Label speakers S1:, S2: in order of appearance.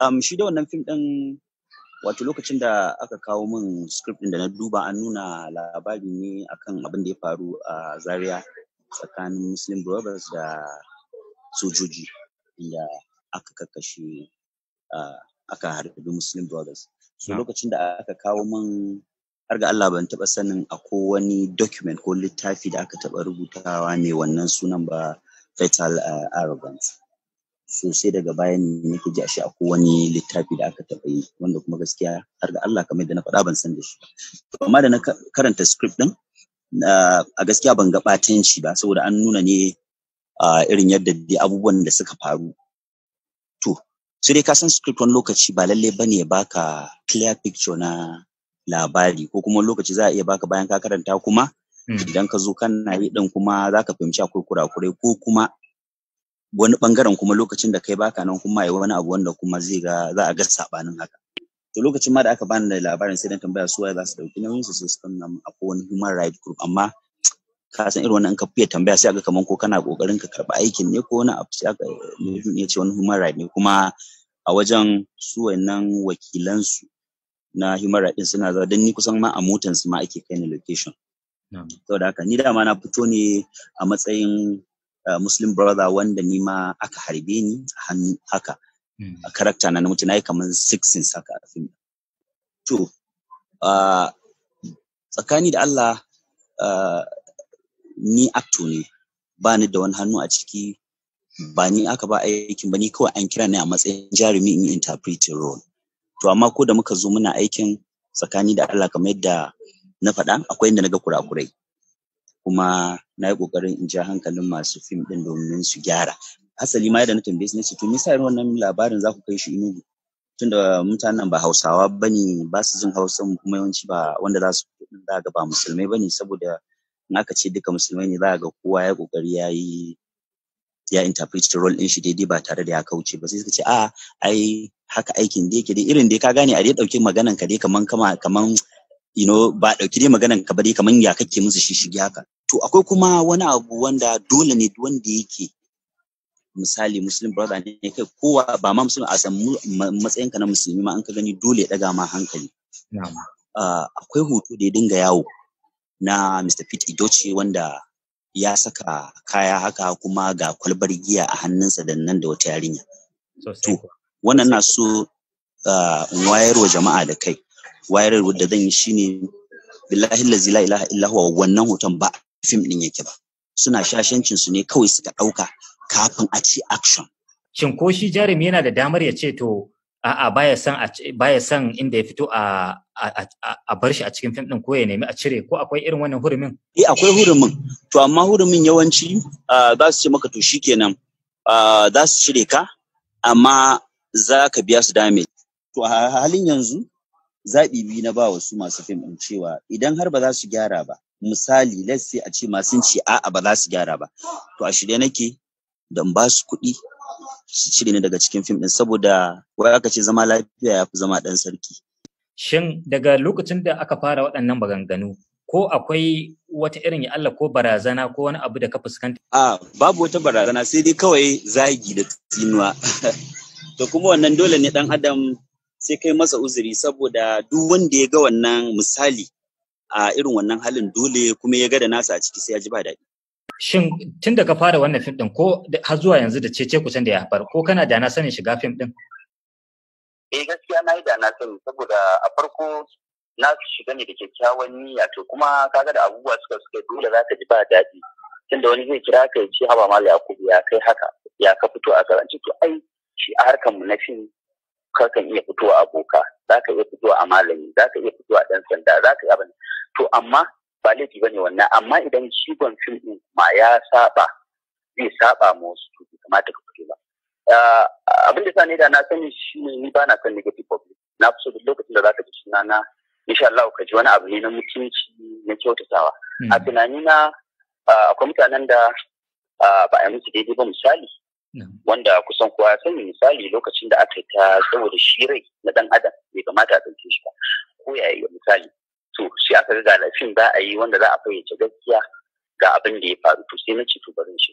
S1: um, shi da wannan fim ɗin wato lokacin da aka kawo min script ɗin da na duba an nuna labari ne akan abin da ya faru a zaria tsakanin muslim brothers da sojoji inda aka kakashe aka harbi muslim brothers so lokacin da aka kawo min har ga Allah ban taɓa sanin a ko wani document ko littafi da aka taɓa rubutawa ne wannan sunan ba fatal arrogance Sosai daga bayan nake ji shi a kowane littafi da aka taɓa yi wanda kuma gaskiya har ga Allah kamar da na faɗa ban san da shi amma da na karanta script din a gaskiya ban ga ɓatanci ba saboda an nuna ne irin yadda dai abubuwan da suka faru to sai dai ka san script wani lokaci ba lalle bane ya baka clear picture na labari ko kuma lokaci za a iya baka bayan ka karanta kuma hmm. idan ka zo kana yi din kuma za ka fahimci akwai kurakurai ko kuma wani bangaren kuma lokacin da kai baka nan kuma ya wani abu wanda kuma zai ga za a ga sabanin haka to lokacin ma da aka bani da labarin sai dan tambaya su waye za su dauki nauyin su su nuna nan akwai wani human right group amma ka san irin wannan ka fiye tambaya sai aga kaman ko kana kokarin ka karba aikin ne ko wani abu sai mutum ne ce wani human right ne kuma a wajen su wannan wakilan su na human right din suna zawa dan ni kusan ma a motan su ma ake kai ni location saboda haka ni dama na fito ne a matsayin Uh, muslim brother wanda ni ma aka harbe ni a hannu haka hmm. a karakta na mutu na yi kamar six in haka a fim to uh, tsakani da Allah uh, ni acto ne ba ni da wani hannu a ciki hmm. ba ni aka ba aikin ba ni kawai an kira ne a matsayin jarumi in interpreting role to amma ko da muka zo muna aikin tsakani da Allah kamar yadda na faɗa akwai inda na ga kurakurai kuma na yi ƙoƙarin in ja hankalin masu fim ɗin domin su gyara asali ma yadda na tambaye su nace, ce to nisa irin wannan labarin za ku kai shi Enugu? tunda mutanen ba hausawa ba ne ba su jin hausa kuma yawanci ba wanda za su za ga ba musulmai ba ne saboda in aka ce duka musulmai ne za ga kowa ya ƙoƙari ya yi ya interpret role ɗin shi daidai ba tare da ya kauce ba sai suka ce a ai haka aikin da yake dai irin dai ka gane a dai ɗauki maganan ka dai kaman kama kaman you know ba dauki dai maganan ka bari kaman ya kake musu shishigi haka to akwai kuma wani abu wanda dole ne wanda yake misali muslim brother ne kai kowa ba ma muslim a san matsayinka na musulmi ma an ka gani dole ya daga ma hankali akwai hoto da ya dinga yawo na Mr. Pete Idoche wanda ya saka kaya haka kuma ga kwalbar giya a hannunsa da nan da wata yarinya. To, wannan na so in wa jama'a da kai. wayarwar da zan yi shine billahi lazi la ilaha illa huwa wannan hoton ba fim din yake ba suna shashancin su ne kawai suka dauka
S2: kafin a ci action shin ko shi jarumi yana da damar ya ce to a'a baya san baya san inda ya fito a a bar shi a cikin fim din ko ya nemi a cire ko akwai irin wannan hurumin
S1: eh akwai hurumin to amma hurumin yawanci za su ce maka to shikenan za su cire ka amma za ka biya su dame to a halin yanzu zaɓi biyu na ba wa su masu fim ɗin cewa idan har ba za su gyara ba misali let's say a ce masu ce a'a ba za su gyara ba to a shirye nake don ba su kuɗi su cire ni daga cikin fim ɗin saboda wai aka ce zama lafiya ya fi zama ɗan sarki.
S2: Shin daga lokacin da aka fara waɗannan maganganu ko akwai wata irin ya Allah ko barazana ko wani abu da ka fuskanta?
S1: A babu wata barazana sai dai kawai zagi da tsinuwa. to kuma wannan dole ne ɗan adam sai kai masa uzuri saboda duk wanda ya ga wannan misali a irin wannan halin dole kuma ya ga da nasa a ciki sai ya ji ba daɗi.
S2: Shin tun da ka fara wannan fim ɗin ko har zuwa yanzu da cece kusan da ya faru, ko kana da na sanin shiga fim ɗin?
S3: Eh gaskiya na yi da na sani saboda a farko na shiga ne da kyakkyawan niyya to kuma kaga da abubuwa suka suka dole za ka ji ba daɗi tunda wani zai kira ka ya ce haba mala yakubu ya kai haka ya ka fito a karance to ai shi a harkar mu na fim kakan iya fitowa a boka za ka iya fitowa a malami za ka iya fitowa a ɗan sanda za ka iya to amma ba laifi ba ne wannan amma idan shigon fim ɗin ma ya saba zai saba ma wasu to bai kamata ka fito ba ah, abin da sani da na sani shi ne ni ba na san negative public na fi so duk lokacin da za ka ji sunana insha Allah ka ji wani abu ne na mutunci na kyautatawa a hmm. tunanina ah, akwai mutanen da ah, ba a yi musu daidai ba misali wanda kusan kowa sani misali lokacin da aka yi ta saboda shi rai na dan adam bai kamata a ɗauke shi ba ko ya yi misali to shi aka ga lafin za a yi wanda za a fayyace gaskiya ga abin da ya faru to sai na ce to barin shi